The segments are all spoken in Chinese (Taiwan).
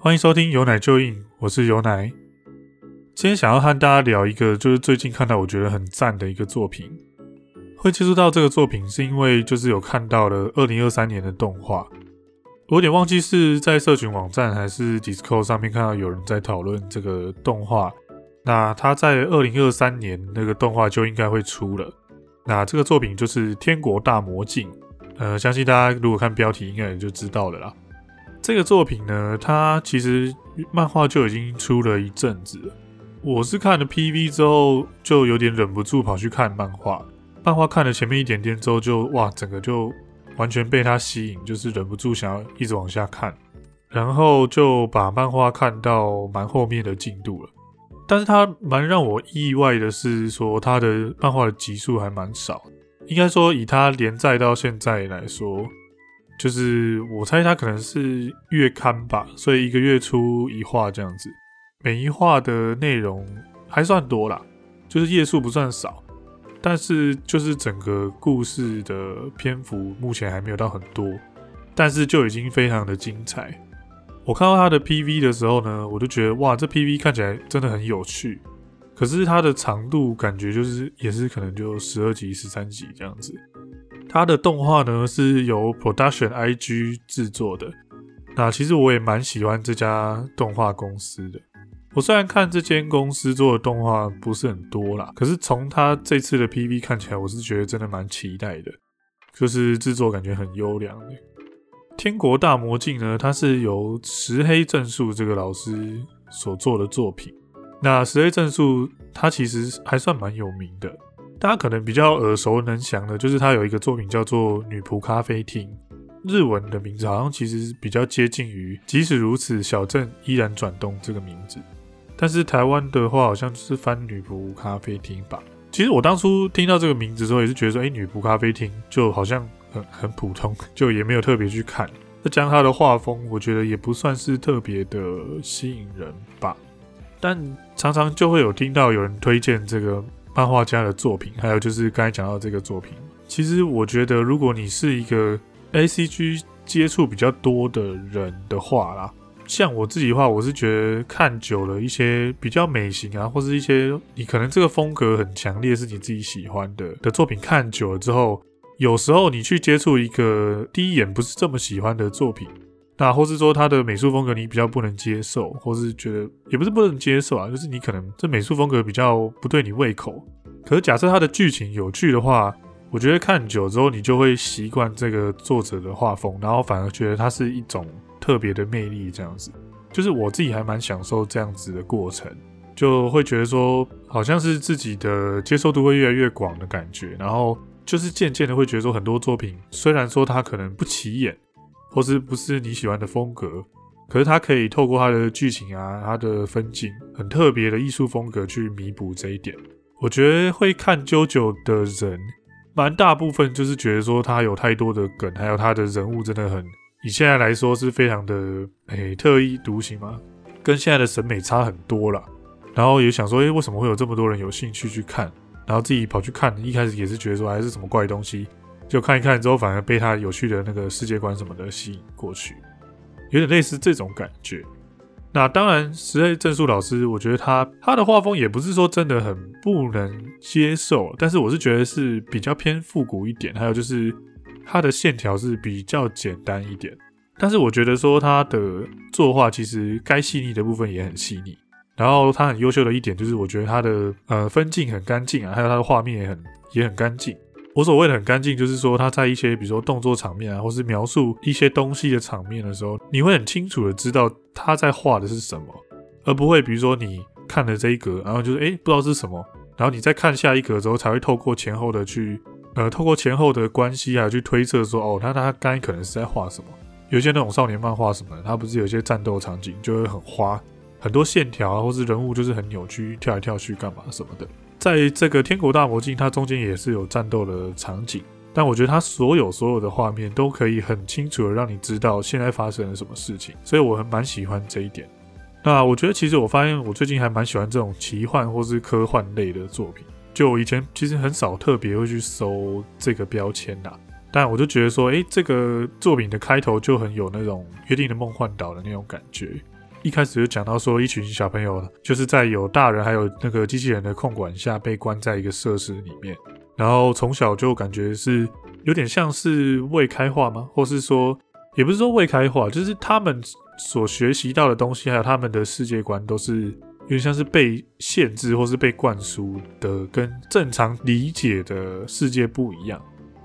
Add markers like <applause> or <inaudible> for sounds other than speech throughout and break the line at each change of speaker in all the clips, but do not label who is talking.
歡迎收聽有奶就硬，我是有奶。今天想要和大家聊一個，就是最近看到我覺得很讚的一個作品。會接觸到這個作品，是因為就是有看到了二零二三年的動畫，我有點忘記是在社群網站還是 Discord 上面看到有人在討論這個動畫。那他在二零二三年那個動畫就應該會出了。那這個作品就是《天國大魔境》，呃，相信大家如果看標題應該也就知道了啦。這個作品呢，它其實漫畫就已經出了一陣子了。我是看了 PV 之後，就有點忍不住跑去看漫畫。漫畫看了前面一點點之後就，就哇，整個就完全被它吸引，就是忍不住想要一直往下看。然後就把漫畫看到蠻後面的進度了。但是它蠻讓我意外的是，說它的漫畫的集數還蠻少。應該說，以它連載到現在來說。就是我猜它可能是月刊吧，所以一個月出一話這樣子。每一話的內容還算多啦，就是頁數不算少，但是就是整個故事的篇幅目前還沒有到很多，但是就已經非常的精彩。我看到它的 PV 的時候呢，我就覺得哇，這 PV 看起來真的很有趣。可是它的長度感覺就是也是可能就十二集、十三集這樣子。它的動畫呢是由 Production I.G 製作的，那其實我也蠻喜歡這家動畫公司的。我雖然看這間公司做的動畫不是很多啦，可是從他這次的 PV 看起來，我是覺得真的蠻期待的，就是製作感覺很優良的、欸。《天國大魔境》呢，它是由石黑正數這個老師所做的作品。那石黑正數，他其實還算蠻有名的。大家可能比較耳熟能詳的，就是他有一個作品叫做《女僕咖啡廳》，日文的名字好像其實比較接近於“即使如此，小鎮依然轉動”這個名字。但是台灣的話，好像是翻《女僕咖啡廳》吧。其實我當初聽到這個名字的時候，也是覺得說：“欸，女僕咖啡廳就好像很很普通，就也沒有特別去看。”再加上他的畫風，我覺得也不算是特別的吸引人吧。但常常就會有聽到有人推薦這個。漫畫家的作品，還有就是剛才講到這個作品，其實我覺得，如果你是一個 ACG 接觸比較多的人的話啦，像我自己的話，我是覺得看久了，一些比較美型啊，或是一些你可能這個風格很強烈，是你自己喜歡的的作品，看久了之後，有時候你去接觸一個第一眼不是這麼喜歡的作品。那或是說他的美術風格你比較不能接受，或是覺得也不是不能接受啊，就是你可能這美術風格比較不對你胃口。可是假設他的劇情有趣的話，我覺得看久之後你就會習慣這個作者的畫風，然後反而覺得它是一種特別的魅力。這樣子，就是我自己還蠻享受這樣子的過程，就會覺得說好像是自己的接受度會越來越廣的感覺，然後就是漸漸的會覺得說很多作品雖然說它可能不起眼。或是不是你喜歡的風格，可是它可以透過它的劇情啊、它的分鏡、很特別的藝術風格去彌補這一點。我覺得會看《JoJo》的人，蠻大部分就是覺得說他有太多的梗，還有他的人物真的很，以現在來說是非常的誒、欸、特立獨行嘛，跟現在的審美差很多了。然後也想說，誒、欸，為什麼會有這麼多人有興趣去看？然後自己跑去看，一開始也是覺得說還是什麼怪東西。就看一看之後，反而被他有趣的那個世界觀什麼的吸引過去，有點類似這種感覺。那當然，石黑正數老師，我覺得他他的畫風也不是說真的很不能接受，但是我是覺得是比較偏復古一點，還有就是他的線條是比較簡單一點。但是我覺得說他的作畫其實該細膩的部分也很細膩，然後他很優秀的一點就是，我覺得他的呃分鏡很乾淨啊，還有他的畫面也很也很乾淨。我所謂的很乾淨，就是說他在一些比如說動作場面啊，或是描述一些東西的場面的時候，你會很清楚的知道他在畫的是什麼，而不會比如說你看了這一格，然後就是哎、欸，不知道是什麼，然後你再看下一格之後，才會透過前後的去，呃，透過前後的關係啊，去推測說，哦，那他他剛可能是在畫什麼。有些那種少年漫畫什麼的，他不是有些戰鬥場景就會很花，很多線條啊，或是人物就是很扭曲，跳來跳去幹嘛什麼的。在這個《天國大魔境》，它中間也是有戰鬥的場景，但我覺得它所有所有的畫面都可以很清楚的讓你知道現在發生了什麼事情，所以我很蠻喜歡這一點。那我覺得其實我發現我最近還蠻喜歡這種奇幻或是科幻類的作品，就以前其實很少特別會去搜這個標籤吶、啊，但我就覺得說，哎、欸，這個作品的開頭就很有那種《約定的夢幻島》的那種感覺。一開始就講到說，一群小朋友就是在有大人還有那個機器人的控管下被關在一個設施裡面，然後從小就感覺是有點像是未開化嗎？或是說，也不是說未開化，就是他們所學習到的東西，還有他們的世界觀，都是有點像是被限制或是被灌輸的，跟正常理解的世界不一樣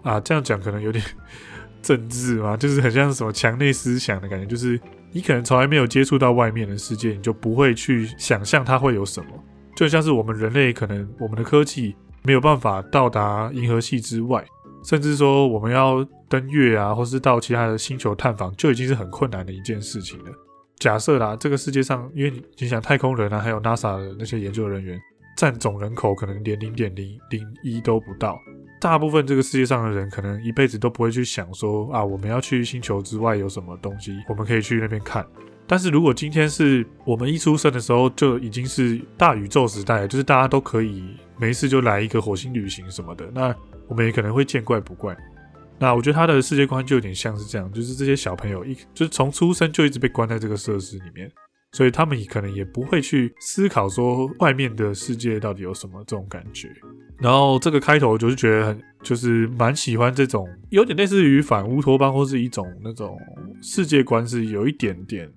啊。這樣講可能有點 <laughs> 政治嘛，就是很像什麼牆內思想的感覺，就是。你可能從來沒有接觸到外面的世界，你就不會去想象它會有什麼。就像是我們人類，可能我們的科技沒有辦法到達銀河系之外，甚至說我們要登月啊，或是到其他的星球探訪，就已經是很困難的一件事情了。假設啦，這個世界上，因為你想太空人啊，還有 NASA 的那些研究人員，占總人口可能連零點零零一都不到。大部分這個世界上的人，可能一輩子都不會去想說啊，我們要去星球之外有什麼東西，我們可以去那邊看。但是如果今天是我們一出生的時候就已經是大宇宙時代，就是大家都可以沒事就來一個火星旅行什麼的，那我們也可能會見怪不怪。那我覺得他的世界觀就有點像是這樣，就是這些小朋友一就是從出生就一直被關在這個設施裡面。所以他們也可能也不會去思考說，外面的世界到底有什麼，這種感覺。然後這個開頭我就是覺得很，就是蠻喜歡這種有點類似於反烏托邦，或是一種那種世界觀是有一點點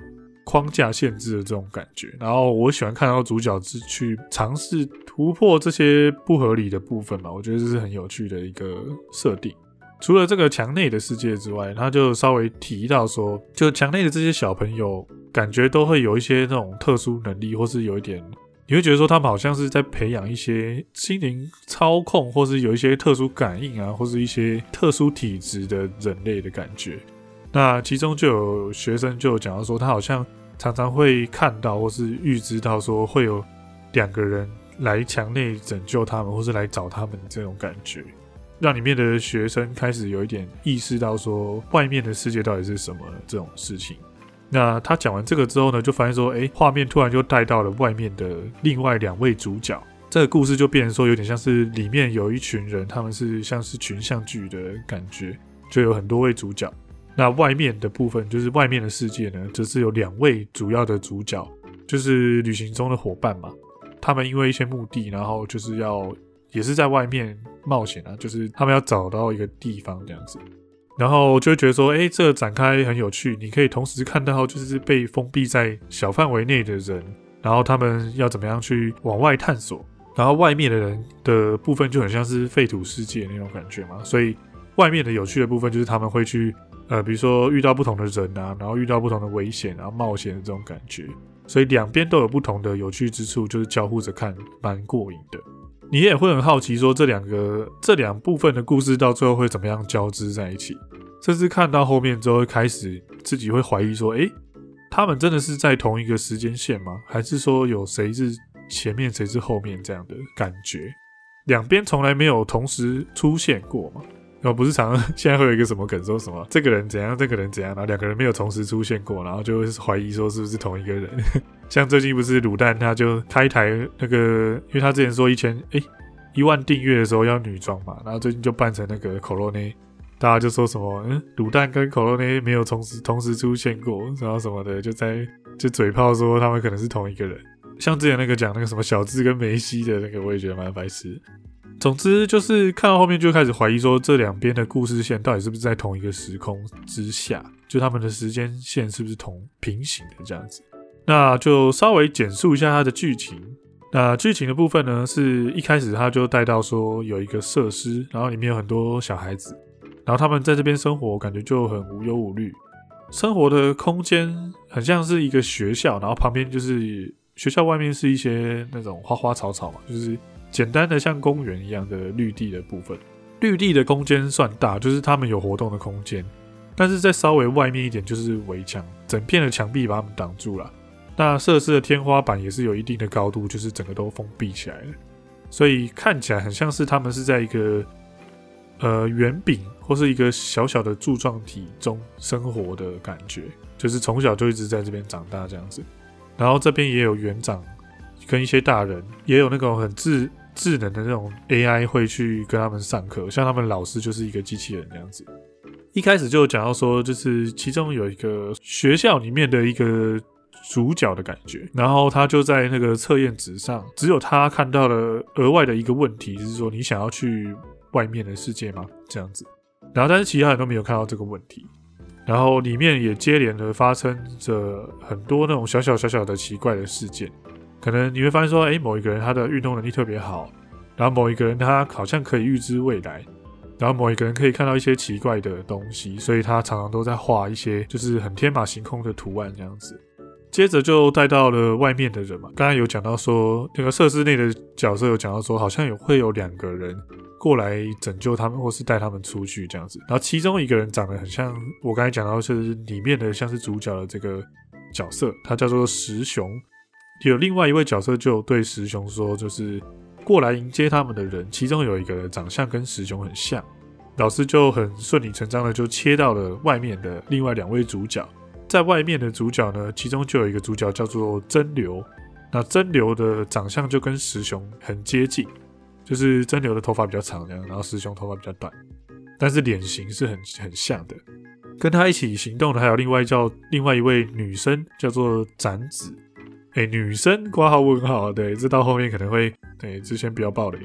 框架限制的這種感覺。然後我喜歡看到主角是去嘗試突破這些不合理的部分嘛，我覺得這是很有趣的一個設定。除了這個牆內的世界之外，他就稍微提到說，就牆內的這些小朋友，感覺都會有一些那種特殊能力，或是有一點，你會覺得說他們好像是在培養一些心靈操控，或是有一些特殊感應啊，或是一些特殊體質的人類的感覺。那其中就有學生就講到說，他好像常常會看到或是預知到說會有兩個人來牆內拯救他們，或是來找他們這種感覺，讓裡面的學生開始有一點意識到說外面的世界到底是什麼這種事情。那他講完這個之後呢，就發現說，哎，畫面突然就帶到了外面的另外兩位主角，這個故事就變成說有點像是裡面有一群人，他們是像是群像劇的感覺，就有很多位主角。那外面的部分就是外面的世界呢，則是有兩位主要的主角，就是旅行中的夥伴嘛。他們因為一些目的，然後就是要也是在外面冒險啊，就是他們要找到一個地方這樣子。然後就會覺得說，哎，這個展開很有趣，你可以同時看到就是被封閉在小範圍內的人，然後他們要怎麼樣去往外探索，然後外面的人的部分就很像是廢土世界那種感覺嘛。所以外面的有趣的部分就是他們會去，呃，比如說遇到不同的人啊，然後遇到不同的危險，然後冒險的這種感覺。所以兩邊都有不同的有趣之處，就是交互着看，蠻過癮的。你也會很好奇，說這兩個這兩部分的故事到最後會怎麼樣交織在一起？甚至看到後面之後，開始自己會懷疑說，誒，他們真的是在同一個時間線嗎？還是說有誰是前面，誰是後面這樣的感覺？兩邊從來沒有同時出現過嘛？然後不是常常現在會有一個什麼梗，說什麼這個人怎樣，這個人怎樣，然後兩個人沒有同時出現過，然後就會懷疑說是不是同一個人。像最近不是滷蛋他就開台那個，因為他之前說一千哎、欸、一萬訂閱的時候要女裝嘛，然後最近就扮成那個 Korone，大家就說什麼嗯滷蛋跟 Korone 沒有同時同時出現過，然後什麼的就在就嘴炮說他們可能是同一個人。像之前那個講那個什麼小智跟梅西的那個，我也覺得蠻白痴。總之就是看到後面就開始懷疑說這兩邊的故事線到底是不是在同一個時空之下，就他們的時間線是不是同平行的這樣子。那就稍微簡述一下它的劇情。那劇情的部分呢，是一開始他就帶到說有一個設施，然後裡面有很多小孩子，然後他們在這邊生活，感覺就很無憂無慮。生活的空間很像是一個學校，然後旁邊就是學校外面是一些那種花花草草嘛，就是簡單的像公園一樣的綠地的部分。綠地的空間算大，就是他們有活動的空間，但是再稍微外面一點就是圍牆，整片的牆壁把他們擋住了。那設施的天花板也是有一定的高度，就是整個都封閉起來了，所以看起來很像是他們是在一個呃圓餅或是一個小小的柱狀體中生活的感覺，就是從小就一直在這邊長大這樣子。然後這邊也有園長跟一些大人，也有那種很智智能的那種 AI 會去跟他們上課，像他們老師就是一個機器人這樣子。一開始就講到說，就是其中有一個學校裡面的一個。主角的感覺，然後他就在那個測驗紙上，只有他看到了額外的一個問題，就是說你想要去外面的世界嗎？這樣子，然後但是其他人都沒有看到這個問題。然後裡面也接連的發生着很多那種小小小小的奇怪的事件，可能你會發現說，哎、欸，某一個人他的運動能力特別好，然後某一個人他好像可以預知未來，然後某一個人可以看到一些奇怪的東西，所以他常常都在畫一些就是很天馬行空的圖案這樣子。接着就帶到了外面的人嘛，剛才有講到說那個設施內的角色有講到說，好像也會有兩個人過來拯救他們或是帶他們出去這樣子。然後其中一個人長得很像我剛才講到就是裡面的像是主角的這個角色，他叫做石雄。有另外一位角色就對石雄說，就是過來迎接他們的人，其中有一個人長相跟石雄很像，老師就很順理成章的就切到了外面的另外兩位主角。在外面的主角呢，其中就有一個主角叫做真流，那真流的長相就跟石雄很接近，就是真流的頭髮比較長，然後石雄頭髮比較短，但是臉型是很很像的。跟他一起行動的還有另外叫另外一位女生叫做展子，哎、欸，女生括號問號，對，這到後面可能會對、欸，之前不要爆雷。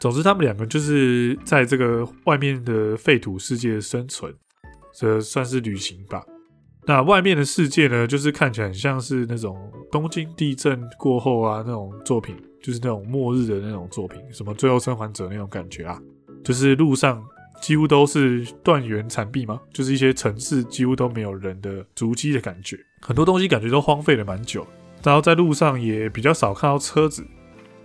總之，他們兩個就是在這個外面的廢土世界生存，這算是旅行吧。那外面的世界呢，就是看起來很像是那種東京地震過後啊，那種作品，就是那種末日的那種作品，什麼最後生還者那種感覺啊，就是路上幾乎都是斷垣殘壁嘛，就是一些城市幾乎都沒有人的足跡的感覺，很多東西感覺都荒廢了蠻久，然後在路上也比較少看到車子。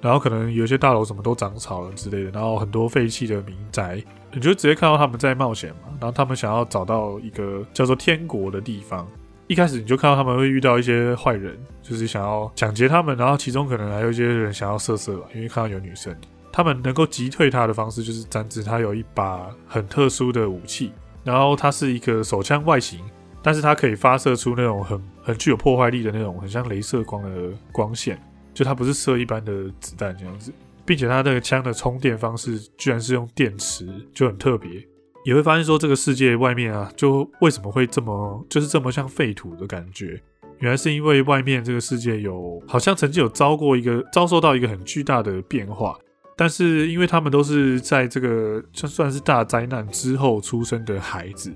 然後可能有些大樓什麼都長草了之類的，然後很多廢棄的民宅，你就直接看到他們在冒險嘛。然後他們想要找到一個叫做天國的地方。一開始你就看到他們會遇到一些壞人，就是想要搶劫他們。然後其中可能還有一些人想要色色吧，因為看到有女生。他們能夠擊退他的方式就是斬子，他有一把很特殊的武器，然後它是一個手槍外形，但是它可以發射出那種很很具有破壞力的那種很像鐳射光的光線。就它不是射一般的子彈這樣子，並且它那個槍的充電方式居然是用電池，就很特別。也會發現說這個世界外面啊，就為什麼會這麼就是這麼像廢土的感覺？原來是因為外面這個世界有好像曾經有遭過一個遭受到一個很巨大的變化，但是因為他們都是在這個就算是大災難之後出生的孩子，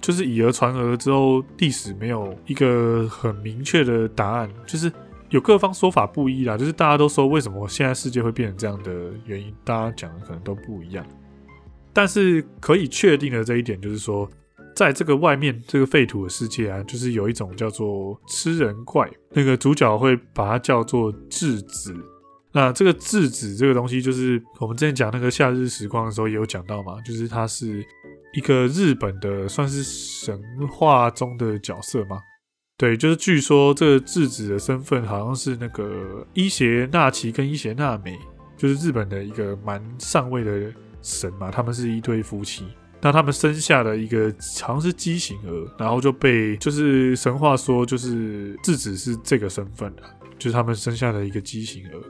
就是以訛傳訛之後，歷史沒有一個很明確的答案，就是。有各方說法不一啦，就是大家都說，為什麼現在世界會變成這樣的原因，大家講的可能都不一樣。但是可以確定的這一點就是說，在這個外面這個廢土的世界啊，就是有一種叫做吃人怪，那個主角會把它叫做蛭子。那這個蛭子這個東西，就是我們之前講那個夏日時光的時候也有講到嘛，就是它是一個日本的算是神話中的角色嘛。對，就是據說這個蛭子的身份好像是那個伊邪那岐跟伊邪那美，就是日本的一個蠻上位的神嘛，他們是一對夫妻。那他們生下的一個好像是畸形兒，然後就被就是神話說就是蛭子是這個身份的，啊，就是他們生下的一個畸形兒。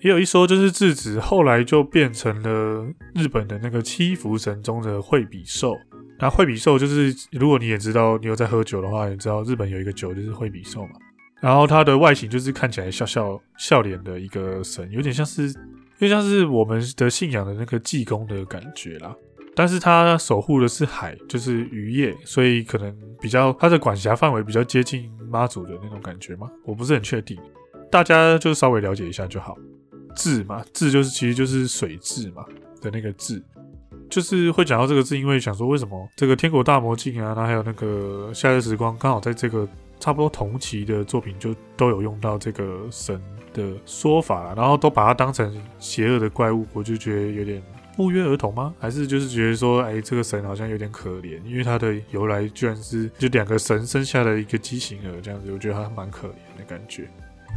也有一說就是蛭子後來就變成了日本的那個七福神中的惠比壽。那惠比壽就是，如果你也知道你有在喝酒的話，你知道日本有一個酒就是惠比壽嘛。然後它的外形就是看起來笑笑笑臉的一個神，有點像是，又像是我們的信仰的那個濟公的感覺啦。但是它守護的是海，就是漁業，所以可能比較它的管轄範圍比較接近媽祖的那種感覺嘛。我不是很確定，大家就稍微了解一下就好。蛭嘛，蛭就是其實就是水蛭嘛的那個蛭。就是會講到這個，是因為想說為什麼這個《天國大魔鏡啊，那還有那個《夏日時光》，剛好在這個差不多同期的作品就都有用到這個神的說法、啊，然後都把它當成邪惡的怪物，我就覺得有點不約而同嗎？還是就是覺得說，哎，這個神好像有點可憐，因為他的由來居然是就兩個神生下了一個畸形兒這樣子，我覺得他蠻可憐的感覺。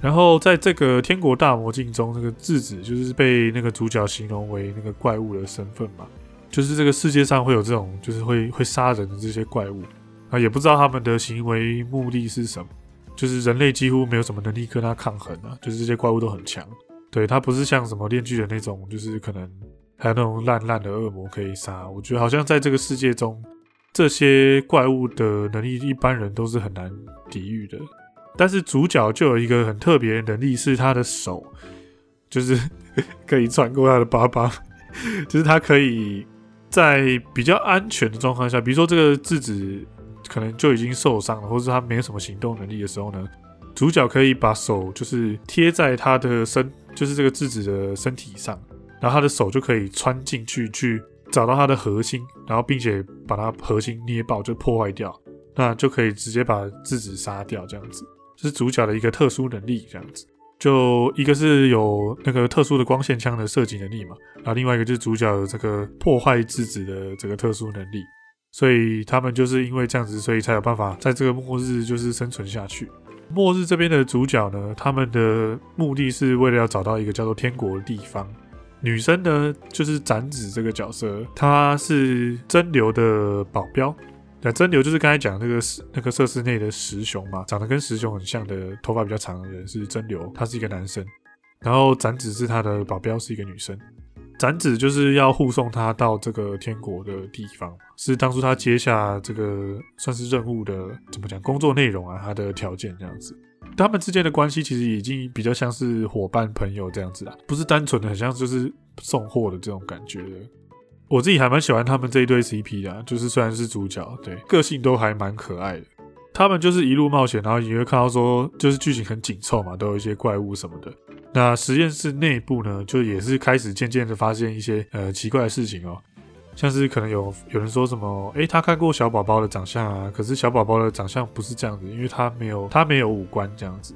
然後在這個《天國大魔鏡中，這、那個智子就是被那個主角形容為那個怪物的身份嘛。就是這個世界上會有這種，就是會會殺人的這些怪物啊，也不知道他們的行為目的是什麼。就是人類幾乎沒有什麼能力跟它抗衡啊，就是這些怪物都很強。對，它不是像什麼電鋸人那種，就是可能還有那種爛爛的惡魔可以殺。我覺得好像在這個世界中，這些怪物的能力一般人都是很難抵禦的。但是主角就有一個很特別的能力，是他的手，就是 <laughs> 可以穿過他的巴巴，就是他可以。在比較安全的狀況下，比如說這個蛭子可能就已經受傷了，或者是他沒有什麼行動能力的時候呢，主角可以把手就是貼在他的身，就是這個蛭子的身體上，然後他的手就可以穿進去去找到他的核心，然後並且把他核心捏爆，就破壞掉，那就可以直接把蛭子殺掉。這樣子這、就是主角的一個特殊能力，這樣子。就一個是有那個特殊的光線槍的射擊能力嘛，然後另外一個就是主角有這個破壞制止的這個特殊能力，所以他們就是因為這樣子，所以才有辦法在這個末日就是生存下去。末日這邊的主角呢，他們的目的是為了要找到一個叫做天國的地方。女生呢，就是展子這個角色，她是真流的保鏢。那真流就是剛才講那個那個設施內的石雄嘛，長得跟石雄很像的、頭髮比較長的人是真流，他是一個男生。然後展子是他的保鏢，是一個女生。展子就是要護送他到這個天國的地方，是當初他接下這個算是任務的，怎麼講？工作內容啊，他的條件這樣子。他們之間的關係其實已經比較像是夥伴，朋友這樣子啦，啊，不是單純的很像就是送貨的這種感覺的。我自己還蠻喜歡他們這一對 CP 的啊，就是雖然是主角，對個性都還蠻可愛的。他們就是一路冒險，然後你會看到說，就是劇情很緊湊嘛，都有一些怪物什麼的。那實驗室內部呢，就也是開始漸漸的發現一些呃奇怪的事情哦，像是可能有有人說什麼，哎，他看過小寶寶的長相啊，可是小寶寶的長相不是這樣子，因為他沒有他沒有五官這樣子。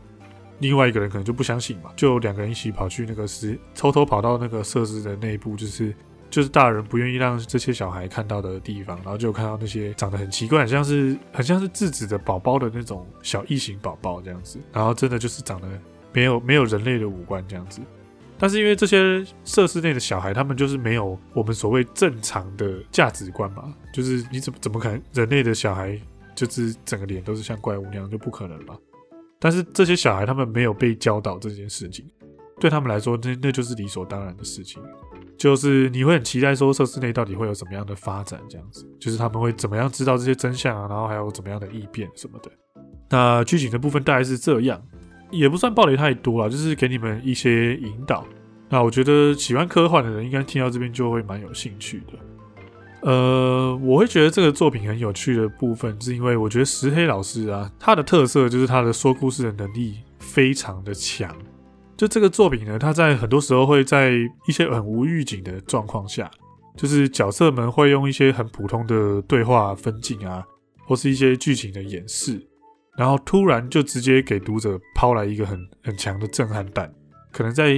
另外一個人可能就不相信嘛，就兩個人一起跑去那個實，偷偷跑到那個設施的內部，就是。就是大人不願意讓這些小孩看到的地方，然後就看到那些長得很奇怪，像是很像是蛭子的寶寶的那種小異形寶寶這樣子，然後真的就是長得沒有沒有人類的五官這樣子。但是因為這些設施內的小孩，他們就是沒有我們所謂正常的價值觀嘛，就是你怎麼怎麼可能，人類的小孩就是整個臉都是像怪物那樣，就不可能吧？但是這些小孩他們沒有被教導這件事情，對他們來說，那那就是理所當然的事情。就是你會很期待說設施內到底會有怎麼樣的發展，這樣子，就是他們會怎麼樣知道這些真相啊，然後還有怎麼樣的異變什麼的。那劇情的部分大概是這樣，也不算暴雷太多啦，就是給你們一些引導。那我覺得喜歡科幻的人應該聽到這邊就會蠻有興趣的。呃，我會覺得這個作品很有趣的部分，是因為我覺得石黑老師啊，他的特色就是他的說故事的能力非常的強。就這個作品呢，它在很多時候會在一些很無預警的狀況下，就是角色們會用一些很普通的對話分鏡啊，或是一些劇情的演示，然後突然就直接給讀者拋來一個很很強的震撼彈。可能在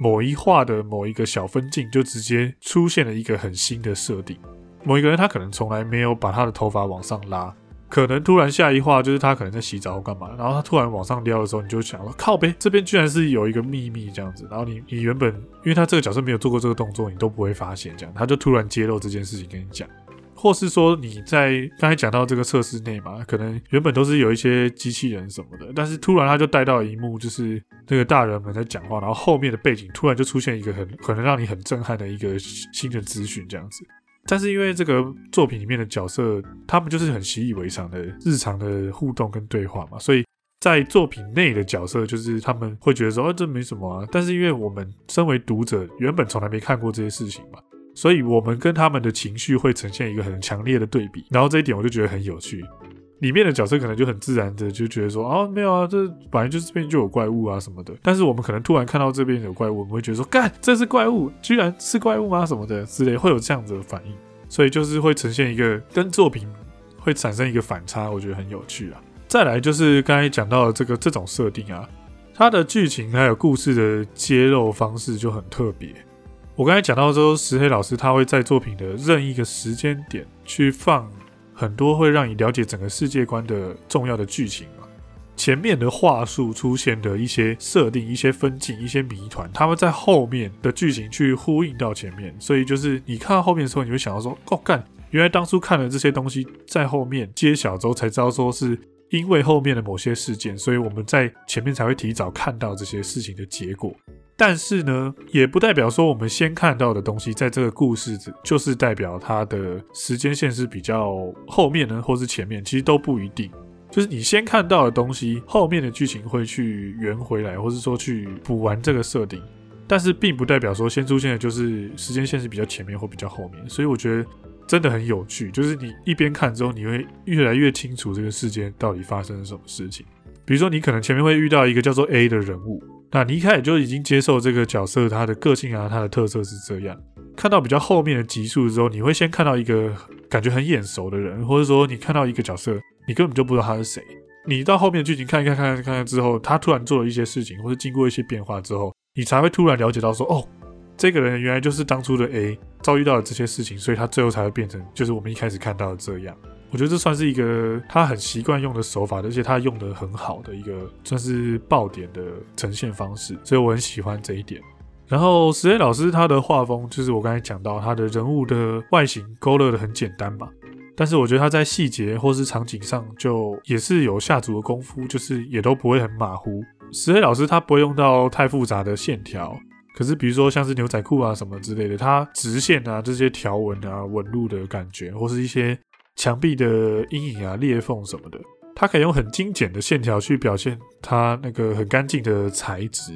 某一畫的某一個小分鏡，就直接出現了一個很新的設定。某一個人他可能從來沒有把他的頭髮往上拉。可能突然下一話就是他可能在洗澡或幹嘛，然後他突然往上撩的時候，你就想說靠北，這邊居然是有一個秘密這樣子。然後你你原本因為他這個角色沒有做過這個動作，你都不會發現這樣，他就突然揭露這件事情跟你講，或是說你在剛才講到這個測試內嘛，可能原本都是有一些機器人什麼的，但是突然他就帶到一幕，就是那個大人們在講話，然後後面的背景突然就出現一個很可能讓你很震撼的一個新的資訊這樣子。但是因為這個作品裡面的角色，他們就是很習以為常的日常的互動跟對話嘛，所以在作品內的角色就是他們會覺得說，哦、哎，這沒什麼啊。但是因為我們身為讀者，原本從來沒看過這些事情嘛，所以我們跟他們的情緒會呈現一個很強烈的對比，然後這一點我就覺得很有趣。裡面的角色可能就很自然的就覺得說哦，沒有啊，這本來就這邊就有怪物啊什麼的。但是我們可能突然看到這邊有怪物，我們會覺得說幹，這是怪物，居然是怪物嗎？啊？什麼的之類的，會有這樣子的反應。所以就是會呈現一個跟作品會產生一個反差，我覺得很有趣啊。再來就是剛才講到的這個這種設定啊，它的劇情還有故事的揭露方式就很特別。我剛才講到說石黑老師他會在作品的任意一個時間點去放。很多會讓你了解整個世界觀的重要的劇情嘛，前面的話術出現的一些設定、一些分鏡，一些謎團，他們在後面的劇情去呼應到前面，所以就是你看到後面的時候，你會想到說，哦，幹，原來當初看了這些東西，在後面揭曉之後才知道說，是因為後面的某些事件，所以我們在前面才會提早看到這些事情的結果。但是呢，也不代表說我們先看到的東西，在這個故事子就是代表它的時間線是比較後面呢，或是前面，其實都不一定。就是你先看到的東西，後面的劇情會去圓回來，或是說去補完這個設定，但是並不代表說先出現的就是時間線是比較前面或比較後面。所以我覺得真的很有趣，就是你一邊看之後，你會越來越清楚這個事件到底發生了什麼事情。比如說，你可能前面會遇到一個叫做 A 的人物。那你一開始就已經接受這個角色，他的個性啊，他的特色是這樣。看到比較後面的集數之後，你會先看到一個感覺很眼熟的人，或者說你看到一個角色，你根本就不知道他是誰。你到後面的劇情看一看、看看、看看之後，他突然做了一些事情，或者經過一些變化之後，你才會突然了解到說，哦，這個人原來就是當初的 A，遭遇到了這些事情，所以他最後才會變成就是我們一開始看到的這樣。我覺得這算是一個他很習慣用的手法，而且他用的很好的一個算是爆點的呈現方式，所以我很喜歡這一點。然後石黑老師他的畫風就是我剛才講到他的人物的外形勾勒得很簡單嘛，但是我覺得他在細節或是場景上就也是有下足的功夫，就是也都不會很馬虎。石黑老師他不會用到太複雜的線條，可是比如說像是牛仔褲啊什麼之類的，他直線啊這些條紋啊紋路的感覺或是一些。牆壁的陰影啊、裂縫什麼的，它可以用很精簡的線條去表現它那個很乾淨的材質，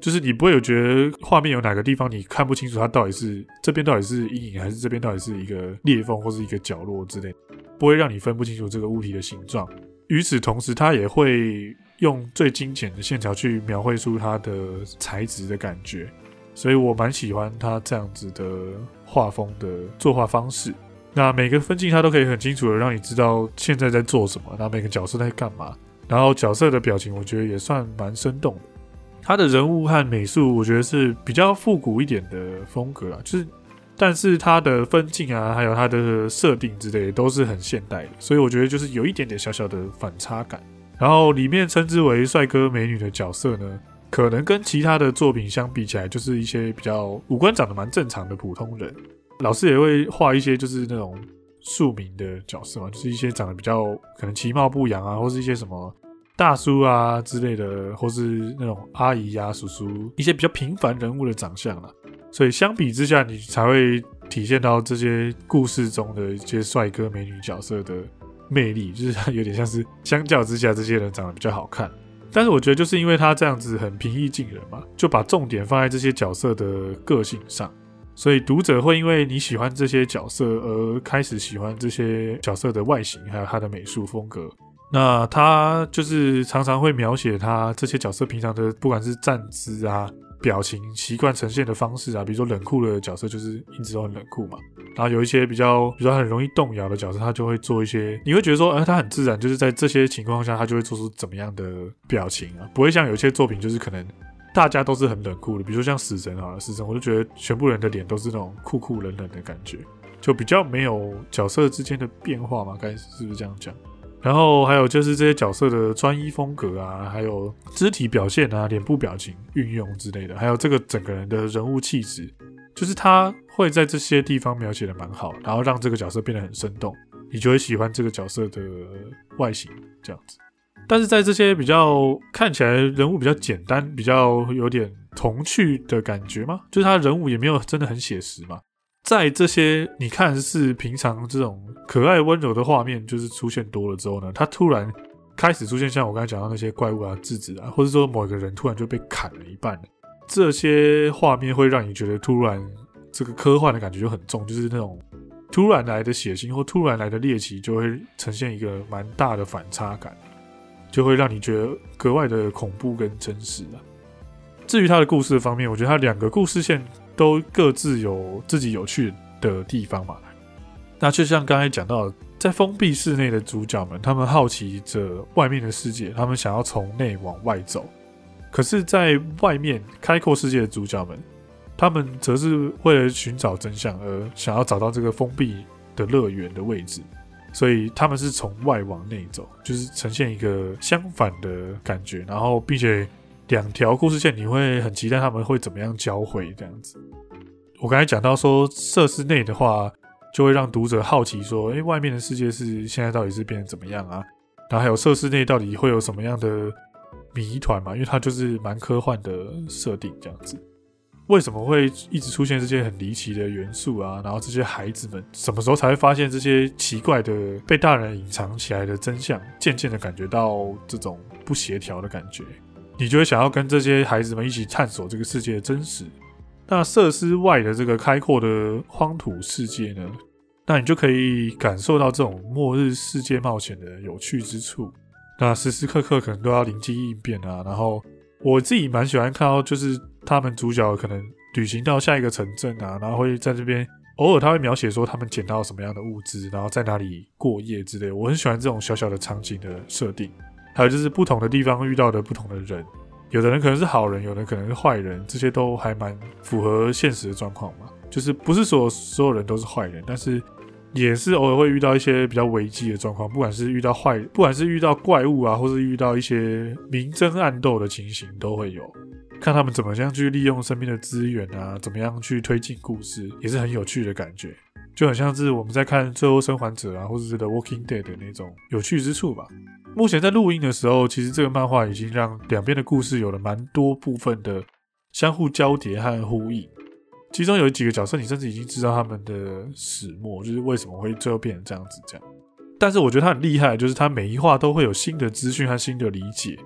就是你不會有覺得畫面有哪個地方你看不清楚，它到底是這邊到底是陰影還是這邊到底是一個裂縫或是一個角落之類的，不會讓你分不清楚這個物體的形狀。與此同時，它也會用最精簡的線條去描繪出它的材質的感覺，所以我蠻喜歡它這樣子的畫風的作畫方式。那每個分鏡它都可以很清楚的讓你知道現在在做什麼，那每個角色在幹嘛，然後角色的表情，我覺得也算蠻生動的。他的人物和美術我覺得是比較復古一點的風格啦，就是，但是他的分鏡啊，還有他的設定之類都是很現代的，所以我覺得就是有一點點小小的反差感。然後裡面稱之為帥哥美女的角色呢，可能跟其他的作品相比起來，就是一些比較五官長得蠻正常的普通人。老師也會畫一些就是那種庶民的角色嘛，就是一些長得比較可能其貌不揚啊，或是一些什麼大叔啊之類的，或是那種阿姨呀、啊、叔叔一些比較平凡人物的長相啦。所以相比之下，你才會體現到這些故事中的一些帥哥美女角色的魅力，就是有點像是相較之下，這些人長得比較好看。但是我覺得，就是因為他這樣子很平易近人嘛，就把重點放在這些角色的個性上。所以讀者會因為你喜歡這些角色而開始喜歡這些角色的外形，還有他的美術風格。那他就是常常會描寫他這些角色平常的，不管是站姿啊、表情、習慣呈現的方式啊，比如說冷酷的角色就是一直都很冷酷嘛。然後有一些比較，比較很容易動搖的角色，他就會做一些，你會覺得說，哎，他很自然，就是在這些情況下他就會做出怎麼樣的表情啊，不會像有一些作品就是可能。大家都是很冷酷的，比如說像死神啊，死神，我就覺得全部人的臉都是那種酷酷冷冷的感覺，就比較沒有角色之間的變化嘛，該是不是這樣講？然後還有就是這些角色的穿衣風格啊，還有肢體表現啊，臉部表情運用之類的，還有這個整個人的人物氣質，就是他會在這些地方描寫得蠻好，然後讓這個角色變得很生動，你就會喜歡這個角色的外形，這樣子。但是在這些比較看起來人物比較簡單、比較有點童趣的感覺嗎？就是他人物也沒有真的很寫實嘛。在這些你看是平常這種可愛溫柔的畫面，就是出現多了之後呢，他突然開始出現像我剛才講到那些怪物啊、蛭子啊，或者說某一個人突然就被砍了一半了，這些畫面會讓你覺得突然這個科幻的感覺就很重，就是那種突然來的血腥或突然來的獵奇，就會呈現一個蠻大的反差感。就會讓你覺得格外的恐怖跟真實了。至於它的故事方面，我覺得它兩個故事線都各自有自己有趣的地方嘛。那就像剛才講到，在封閉室內的主角們，他們好奇着外面的世界，他們想要從內往外走；可是在外面開闊世界的主角們，他們則是為了尋找真相而想要找到這個封閉的樂園的位置。所以他們是從外往內走，就是呈現一個相反的感覺，然後並且兩條故事線你會很期待他們會怎麼樣交匯這樣子。我剛才講到說設施內的話，就會讓讀者好奇說，誒、欸，外面的世界是現在到底是變成怎麼樣啊？然後還有設施內到底會有什麼樣的謎團嘛？因為它就是蠻科幻的設定這樣子。為什麼會一直出現這些很離奇的元素啊？然後這些孩子們什麼時候才會發現這些奇怪的被大人隱藏起來的真相？漸漸的感覺到這種不協調的感覺，你就會想要跟這些孩子們一起探索這個世界的真實。那設施外的這個開闊的荒土世界呢？那你就可以感受到這種末日世界冒險的有趣之處。那時時刻刻可能都要臨機應變啊。然後我自己蠻喜歡看到就是。他們主角可能旅行到下一個城鎮啊，然後會在這邊偶爾他會描寫說他們撿到什麼樣的物資，然後在哪裡過夜之類的。我很喜歡這種小小的場景的設定，還有就是不同的地方遇到的不同的人，有的人可能是好人，有的人可能是壞人，這些都還蠻符合現實的狀況嘛。就是不是說所，所有人都是壞人，但是也是偶爾會遇到一些比較危機的狀況，不管是遇到壞，不管是遇到怪物啊，或是遇到一些明爭暗鬥的情形，都會有。看他們怎麼樣去利用身邊的資源啊，怎麼樣去推進故事，也是很有趣的感覺，就很像是我們在看《最後生還者》啊，或者是《The Walking Dead》的那種有趣之處吧。目前在錄音的時候，其實這個漫畫已經讓兩邊的故事有了蠻多部分的相互交疊和呼應，其中有幾個角色，你甚至已經知道他們的始末，就是為什麼會最後變成這樣子這樣。但是我覺得它很厲害，就是它每一話都會有新的資訊和新的理解。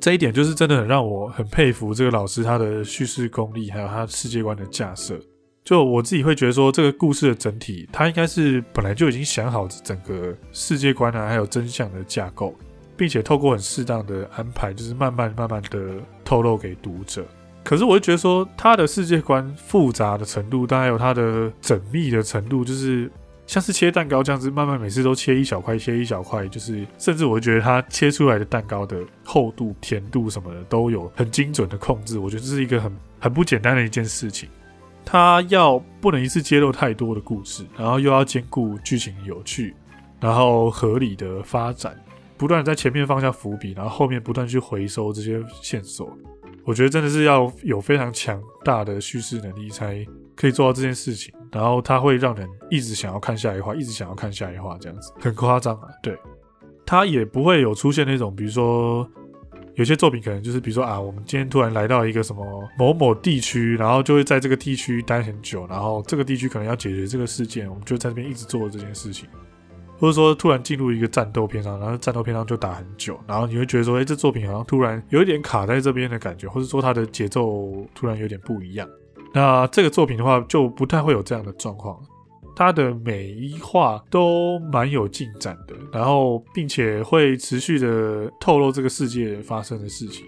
這一點就是真的很讓我很佩服這個老師，他的敘事功力，還有他世界觀的架設。就我自己會覺得說，這個故事的整體，他應該是本來就已經想好整個世界觀啊，還有真相的架構，並且透過很適當的安排，就是慢慢慢慢的透露給讀者。可是，我就覺得說，他的世界觀複雜的程度，當然還有他的縝密的程度，就是。像是切蛋糕這樣子，慢慢每次都切一小塊，切一小塊，就是甚至我會覺得他切出來的蛋糕的厚度、甜度什麼的都有很精準的控制，我覺得這是一個很很不簡單的一件事情。他要不能一次揭露太多的故事，然後又要兼顧劇情有趣，然後合理的發展，不斷在前面放下伏筆，然後後面不斷去回收這些線索。我覺得真的是要有非常強大的敘事能力才可以做到這件事情，然後它會讓人一直想要看下一話，一直想要看下一話，這樣子很誇張啊。對，它也不會有出現那種，比如說有些作品可能就是，比如說啊，我們今天突然來到一個什麼某某地區，然後就會在這個地區待很久，然後這個地區可能要解決這個事件，我們就在這邊一直做這件事情，或者說突然進入一個戰鬥篇章，然後戰鬥篇章就打很久，然後你會覺得說，哎，這作品好像突然有一點卡在這邊的感覺，或者說它的節奏突然有點不一樣。那這個作品的話，就不太會有這樣的狀況。它的每一話都蠻有進展的，然後並且會持續的透露這個世界發生的事情。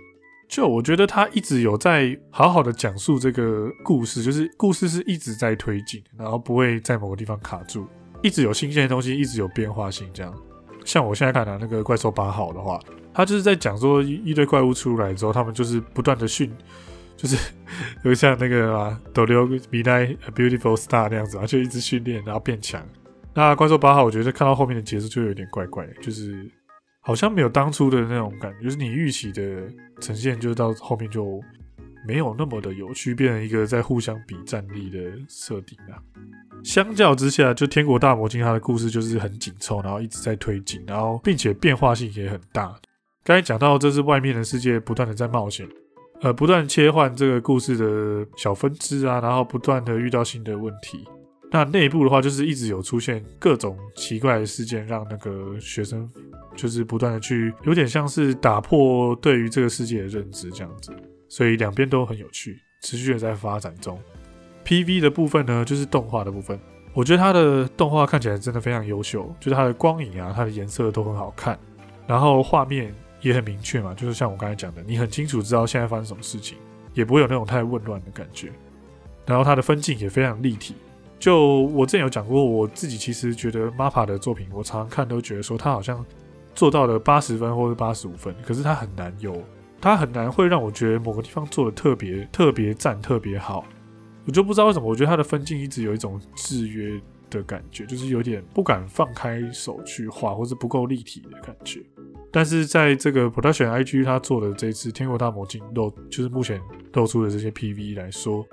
就我覺得他一直有在好好的講述這個故事，就是故事是一直在推進，然後不會在某個地方卡住，一直有新鮮的東西，一直有變化性。這樣，像我現在看的、啊、那個《怪獸八號》的話，他就是在講說一堆怪物出來之後，他們就是不斷的訓。 <laughs> 就是就像那個啊，鬥牛米奈 a Beautiful Star 那樣子，啊就一直訓練，然後變強。那怪獸八號，我覺得看到後面的結束就有點怪怪，就是好像沒有當初的那種感覺，就是你預期的呈現，就到後面就沒有那麼的有趣，變成一個在互相比戰力的設定啊。相較之下，就《天國大魔境》它的故事就是很緊湊，然後一直在推進，然後並且變化性也很大。剛才講到，這是外面的世界不斷的在冒險。呃，不斷切換這個故事的小分支啊，然後不斷的遇到新的問題。那內部的話，就是一直有出現各種奇怪的事件，讓那個學生就是不斷的去，有點像是打破對於這個世界的認知這樣子。所以兩邊都很有趣，持續的在發展中。PV 的部分呢，就是動畫的部分，我覺得它的動畫看起來真的非常優秀，就是它的光影啊，它的顏色都很好看，然後畫面。也很明確嘛，就是像我剛才講的，你很清楚知道現在發生什麼事情，也不會有那種太混亂的感覺。然後它的分鏡也非常立體。就我之前有講過，我自己其實覺得 Mappa 的作品，我常常看都覺得說他好像做到了八十分或者八十五分，可是他很難有，他很難會讓我覺得某個地方做得特別特別贊、特別好。我就不知道為什麼，我覺得他的分鏡一直有一種制約的感覺，就是有點不敢放開手去畫，或者不夠立體的感覺。但是在這個 Production IG 他做的這次《天國大魔境》露，就是目前露出的這些 PV 來說，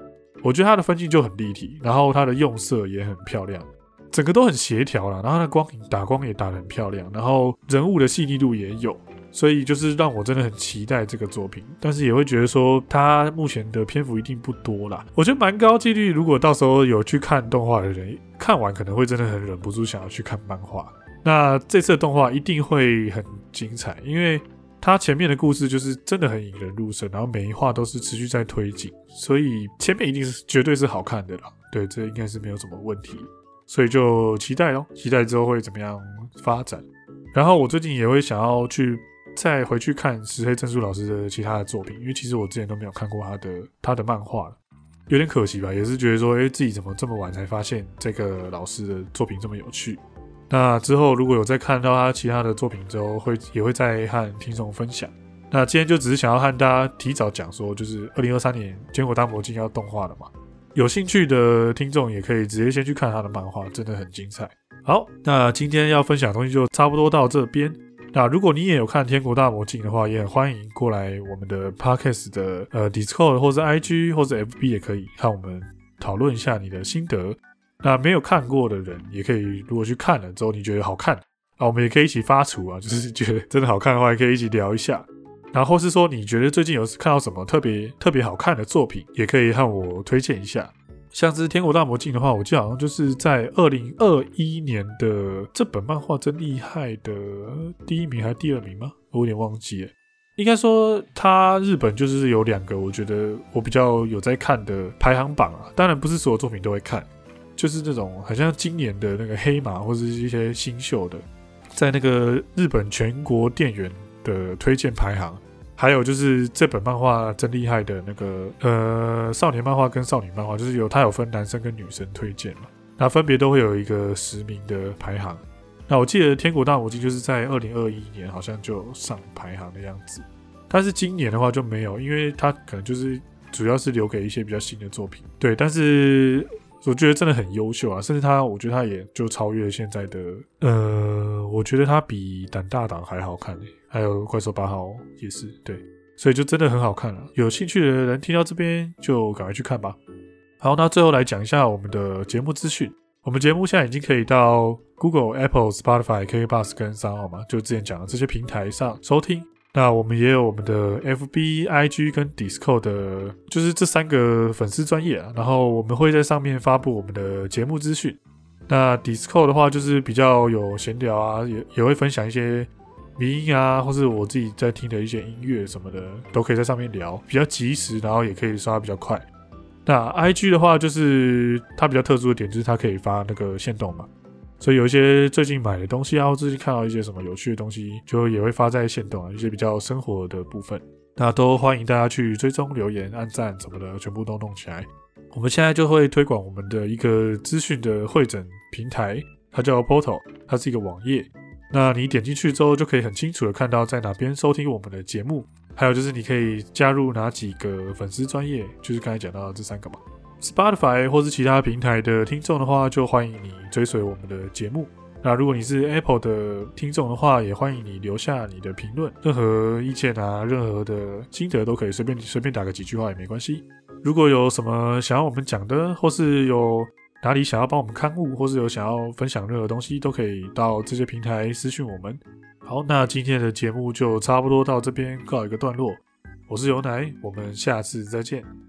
我覺得它的分鏡就很立體，然後它的用色也很漂亮，整個都很協調了，然後他的光影打光也打得很漂亮，然後人物的細膩度也有，所以就是讓我真的很期待這個作品，但是也會覺得說它目前的篇幅一定不多啦，我覺得蠻高幾率，如果到時候有去看動畫的人看完，可能會真的很忍不住想要去看漫畫。那這次的動畫一定會很精彩，因為它前面的故事就是真的很引人入勝，然後每一話都是持續在推進，所以前面一定是絕對是好看的啦。對，這應該是沒有什麼問題，所以就期待咯，期待之後會怎麼樣發展。然後我最近也會想要去再回去看石黑正數老師的其他的作品，因為其實我之前都沒有看過他的他的漫畫，有點可惜吧。也是覺得說，哎、欸，自己怎麼這麼晚才發現這個老師的作品這麼有趣。那之後，如果有再看到他其他的作品之後，會也會再和聽眾分享。那今天就只是想要和大家提早講說，就是二零二三年《天國大魔境》要動畫了嘛。有興趣的聽眾也可以直接先去看他的漫畫，真的很精彩。好，那今天要分享的東西就差不多到這邊。那如果你也有看《天國大魔境》的話，也很歡迎過來我們的 Podcast 的呃 Discord 或者 IG 或者 FB 也可以和我們討論一下你的心得。那沒有看過的人，也可以如果去看了之後，你覺得好看，啊，我們也可以一起發圖啊。就是覺得真的好看的話，也可以一起聊一下。然後是說，你覺得最近有看到什麼特別特別好看的作品，也可以和我推薦一下。像是《天國大魔境》的話，我記得好像就是在二零二一年的這本漫畫真厲害的第一名還是第二名嗎？我有點忘記誒。應該說，他日本就是有兩個，我覺得我比較有在看的排行榜啊。當然不是所有作品都會看。就是這種，好像今年的那個黑馬或者是一些新秀的，在那個日本全國店員的推薦排行，還有就是這本漫畫真厲害的那個，呃，少年漫畫跟少女漫畫，就是有它有分男生跟女生推薦嘛，那分別都會有一個實名的排行。那我記得《天國大魔境》就是在二零二一年好像就上排行的樣子，但是今年的話就沒有，因為它可能就是主要是留給一些比較新的作品。對，但是。我覺得真的很優秀啊，甚至他，我覺得他也就超越了現在的，呃，我覺得他比《膽大黨》還好看，欸，還有《怪獸八號》也是對，所以就真的很好看了啊。有興趣的人聽到這邊就趕快去看吧。好，那最後來講一下我們的節目資訊，我們節目現在已經可以到 Google、Apple、Spotify、KKBOX、跟三號嘛，就之前講的這些平台上收聽。那我們也有我們的 FB、IG 跟 Discord 的，就是這三個粉絲專頁啊。然後我們會在上面發布我們的節目資訊。那 Discord 的話，就是比較有閒聊啊，也也會分享一些迷因啊，或是我自己在聽的一些音樂什麼的，都可以在上面聊，比較及時，然後也可以刷比較快。那 IG 的話，就是它比較特殊的點，就是它可以發那個限動嘛。所以有一些最近買的東西啊，或者看到一些什麼有趣的東西，就也會發在限動啊，一些比較生活的部分，那都歡迎大家去追蹤、留言、按讚什麼的，全部都弄起來。我們現在就會推廣我們的一個資訊的彙整平台，它叫 Portal，它是一個網頁。那你點進去之後，就可以很清楚的看到在哪邊收聽我們的節目，還有就是你可以加入哪幾個粉絲專頁，就是剛才講到的這三個嘛。Spotify 或是其他平台的聽眾的話，就歡迎你追隨我們的節目。那如果你是 Apple 的聽眾的話，也歡迎你留下你的評論，任何意見啊，任何的心得都可以隨便隨便打個幾句話也沒關係。如果有什麼想要我們講的，或是有哪裡想要幫我們勘誤，或是有想要分享任何東西，都可以到這些平台私訊我們。好，那今天的節目就差不多到這邊告一個段落。我是尤乃，我們下次再見。